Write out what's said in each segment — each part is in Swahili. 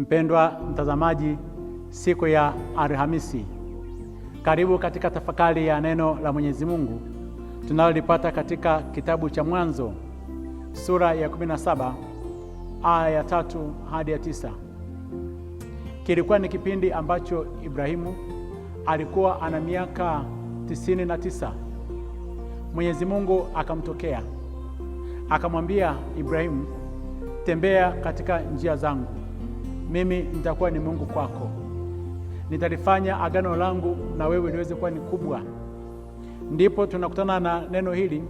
Mpendwa mtazamaji, siku ya Alhamisi, karibu katika tafakari ya neno la Mwenyezi Mungu tunalolipata katika kitabu cha Mwanzo sura ya 17 aya ya tatu hadi ya tisa. Kilikuwa ni kipindi ambacho Ibrahimu alikuwa ana miaka tisini na tisa. Mwenyezi Mungu akamtokea akamwambia Ibrahimu, tembea katika njia zangu mimi nitakuwa ni Mungu kwako, nitalifanya agano langu na wewe liweze kuwa ni kubwa. Ndipo tunakutana na neno hili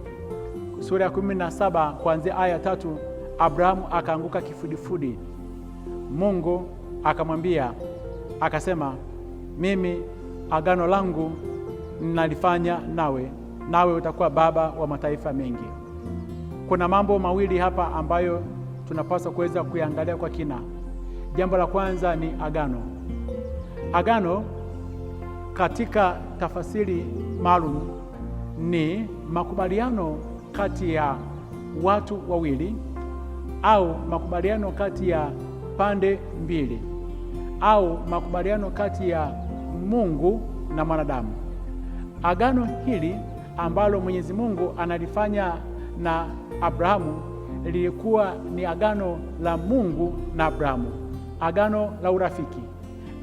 sura ya kumi na saba kuanzia aya ya tatu. Abrahamu akaanguka kifudifudi, Mungu akamwambia akasema, mimi agano langu ninalifanya nawe, nawe utakuwa baba wa mataifa mengi. Kuna mambo mawili hapa ambayo tunapaswa kuweza kuyaangalia kwa kina. Jambo la kwanza ni agano. Agano katika tafasiri maalum ni makubaliano kati ya watu wawili au makubaliano kati ya pande mbili au makubaliano kati ya Mungu na mwanadamu. Agano hili ambalo Mwenyezi Mungu analifanya na Abrahamu lilikuwa ni agano la Mungu na Abrahamu agano la urafiki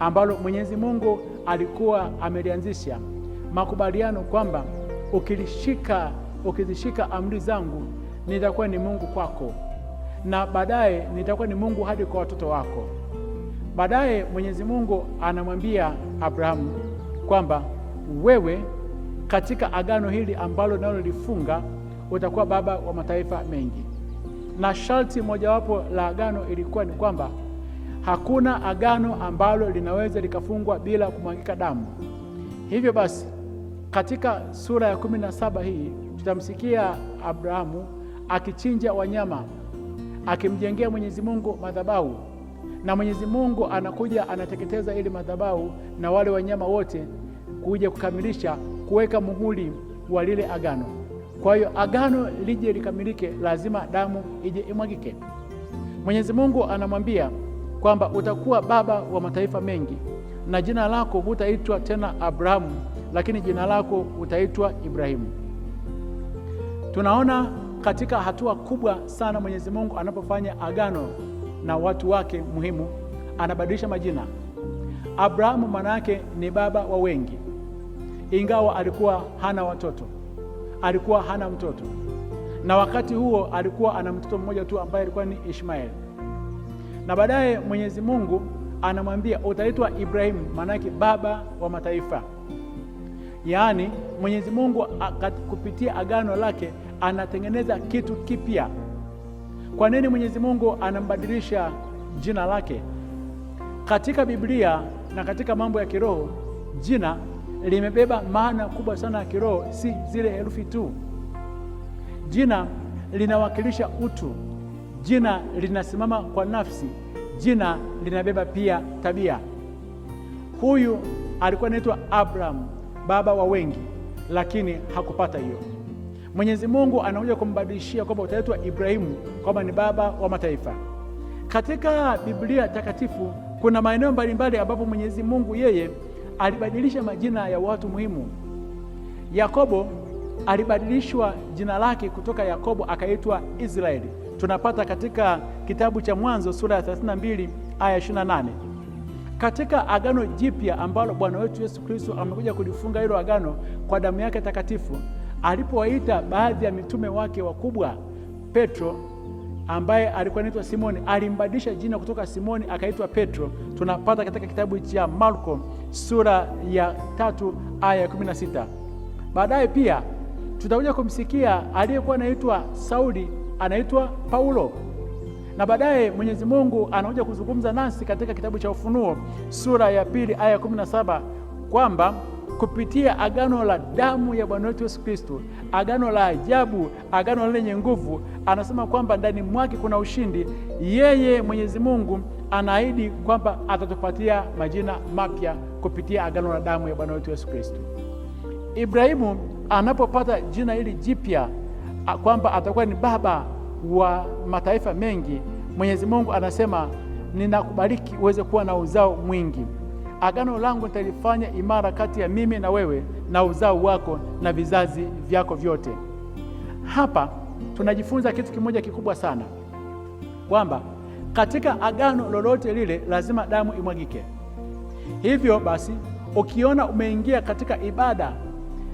ambalo Mwenyezi Mungu alikuwa amelianzisha, makubaliano kwamba ukilishika, ukizishika amri zangu nitakuwa ni Mungu kwako, na baadaye nitakuwa ni Mungu hadi kwa watoto wako. Baadaye Mwenyezi Mungu anamwambia Abrahamu kwamba wewe katika agano hili ambalo nalolifunga utakuwa baba wa mataifa mengi, na sharti mojawapo la agano ilikuwa ni kwamba Hakuna agano ambalo linaweza likafungwa bila kumwagika damu. Hivyo basi, katika sura ya kumi na saba hii tutamsikia Abrahamu akichinja wanyama, akimjengea Mwenyezi Mungu madhabahu, na Mwenyezi Mungu anakuja anateketeza ili madhabahu na wale wanyama wote, kuja kukamilisha kuweka muhuri wa lile agano. Kwa hiyo agano lije likamilike, lazima damu ije imwagike. Mwenyezi Mungu anamwambia kwamba utakuwa baba wa mataifa mengi na jina lako hutaitwa tena Abrahamu, lakini jina lako utaitwa Ibrahimu. Tunaona katika hatua kubwa sana Mwenyezi Mungu anapofanya agano na watu wake muhimu, anabadilisha majina. Abrahamu maana yake ni baba wa wengi, ingawa alikuwa hana watoto, alikuwa hana mtoto, na wakati huo alikuwa ana mtoto mmoja tu ambaye alikuwa ni Ishmaeli na baadaye Mwenyezi Mungu anamwambia utaitwa Ibrahimu, maanake baba wa mataifa. Yaani Mwenyezi Mungu kupitia agano lake anatengeneza kitu kipya. Kwa nini Mwenyezi Mungu anambadilisha jina lake? Katika Biblia na katika mambo ya kiroho, jina limebeba maana kubwa sana ya kiroho, si zile herufi tu. Jina linawakilisha utu Jina linasimama kwa nafsi, jina linabeba pia tabia. Huyu alikuwa anaitwa Abrahamu, baba wa wengi, lakini hakupata hiyo. Mwenyezi Mungu anakuja kumbadilishia kwamba utaitwa Ibrahimu, kwamba ni baba wa mataifa. Katika Biblia Takatifu kuna maeneo mbalimbali ambapo Mwenyezi Mungu yeye alibadilisha majina ya watu muhimu. Yakobo alibadilishwa jina lake kutoka Yakobo akaitwa Israeli tunapata katika kitabu cha Mwanzo sura ya 32 aya 28. Katika agano jipya ambalo Bwana wetu Yesu Kristo amekuja kulifunga hilo agano kwa damu yake takatifu, alipowaita baadhi ya mitume wake wakubwa, Petro ambaye alikuwa anaitwa Simoni alimbadilisha jina kutoka Simoni akaitwa Petro. Tunapata katika kitabu cha Marko sura ya tatu aya ya 16. Baadaye pia tutakuja kumsikia aliyekuwa anaitwa Sauli anaitwa Paulo, na baadaye Mwenyezi Mungu anakuja kuzungumza nasi katika kitabu cha Ufunuo sura ya pili aya ya saba kwamba kupitia agano la damu ya Bwana wetu Yesu Kristo, agano la ajabu, agano lenye nguvu, anasema kwamba ndani mwake kuna ushindi. Yeye Mwenyezi Mungu anaahidi kwamba atatupatia majina mapya kupitia agano la damu ya Bwana wetu Yesu Kristo. Ibrahimu anapopata jina hili jipya kwamba atakuwa ni baba wa mataifa mengi. Mwenyezi Mungu anasema ninakubariki uweze kuwa na uzao mwingi. Agano langu nitalifanya imara kati ya mimi na wewe na uzao wako na vizazi vyako vyote. Hapa tunajifunza kitu kimoja kikubwa sana, kwamba katika agano lolote lile lazima damu imwagike. Hivyo basi, ukiona umeingia katika ibada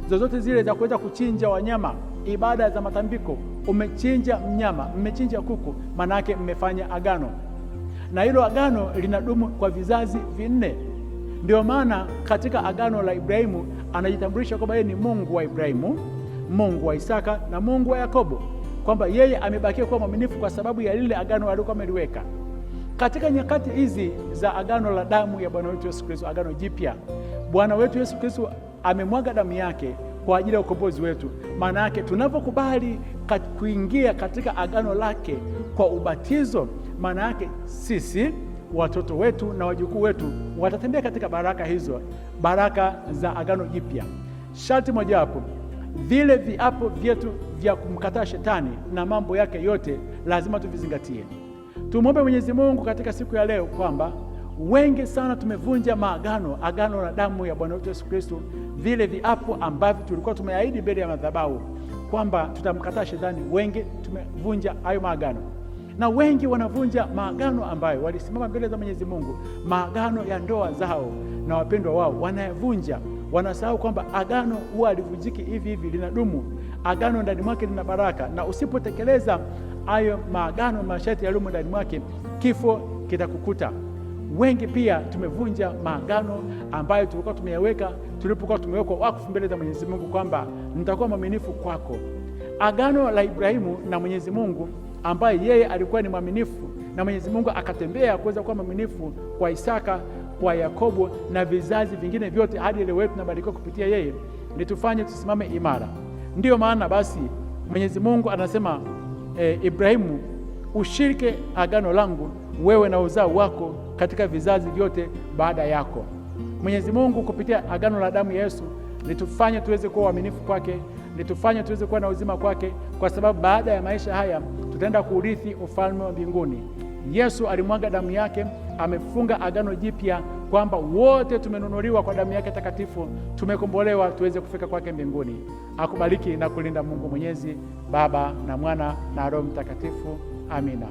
zozote zile za kuweza kuchinja wanyama ibada za matambiko, umechinja mnyama, mmechinja kuku, maana yake mmefanya agano, na hilo agano linadumu kwa vizazi vinne. Ndio maana katika agano la Ibrahimu anajitambulisha kwamba yeye ni Mungu wa Ibrahimu, Mungu wa Isaka na Mungu wa Yakobo, kwamba yeye amebakia kuwa mwaminifu kwa sababu ya lile agano alikuwa ameliweka. Katika nyakati hizi za agano la damu ya Bwana wetu Yesu Kristo, agano jipya, Bwana wetu Yesu Kristo amemwaga damu yake kwa ajili ya ukombozi wetu. Maana yake tunapokubali kat, kuingia katika agano lake kwa ubatizo, maana yake sisi watoto wetu na wajukuu wetu watatembea katika baraka hizo, baraka za agano jipya. Sharti mojawapo, vile viapo vyetu vya kumkataa shetani na mambo yake yote lazima tuvizingatie. Tumwombe Mwenyezi Mungu katika siku ya leo kwamba wengi sana tumevunja maagano, agano la damu ya Bwana wetu Yesu Kristo, vile viapo ambavyo tulikuwa tumeahidi mbele ya madhabahu kwamba tutamkataa Shetani. Wengi tumevunja hayo maagano, na wengi wanavunja maagano ambayo walisimama mbele za Mwenyezi Mungu, maagano ya ndoa zao na wapendwa wao wanayavunja. Wanasahau kwamba agano huwa alivunjiki hivi hivi, linadumu. Agano ndani mwake lina baraka, na usipotekeleza hayo maagano, masharti yaliyomo ndani mwake, kifo kitakukuta. Wengi pia tumevunja maagano ambayo tulikuwa tumeyaweka tulipokuwa tumewekwa wakfu mbele za Mwenyezi Mungu kwamba nitakuwa mwaminifu kwako. Agano la Ibrahimu na Mwenyezi Mungu ambaye yeye alikuwa ni mwaminifu na Mwenyezi Mungu akatembea kuweza kuwa mwaminifu kwa Isaka, kwa Yakobo na vizazi vingine vyote hadi leo wetu nabarikiwa kupitia yeye, nitufanye tusimame imara. Ndiyo maana basi Mwenyezi Mungu anasema e, Ibrahimu, ushirike agano langu wewe na uzao wako katika vizazi vyote baada yako. Mwenyezi Mungu kupitia agano la damu ya Yesu litufanye tuweze kuwa waaminifu kwake, litufanye tuweze kuwa na uzima kwake, kwa sababu baada ya maisha haya tutaenda kuurithi ufalme wa mbinguni. Yesu alimwaga damu yake, amefunga agano jipya kwamba wote tumenunuliwa kwa damu yake takatifu, tumekombolewa tuweze kufika kwake mbinguni. Akubariki na kulinda Mungu Mwenyezi, Baba na Mwana na Roho Mtakatifu. Amina.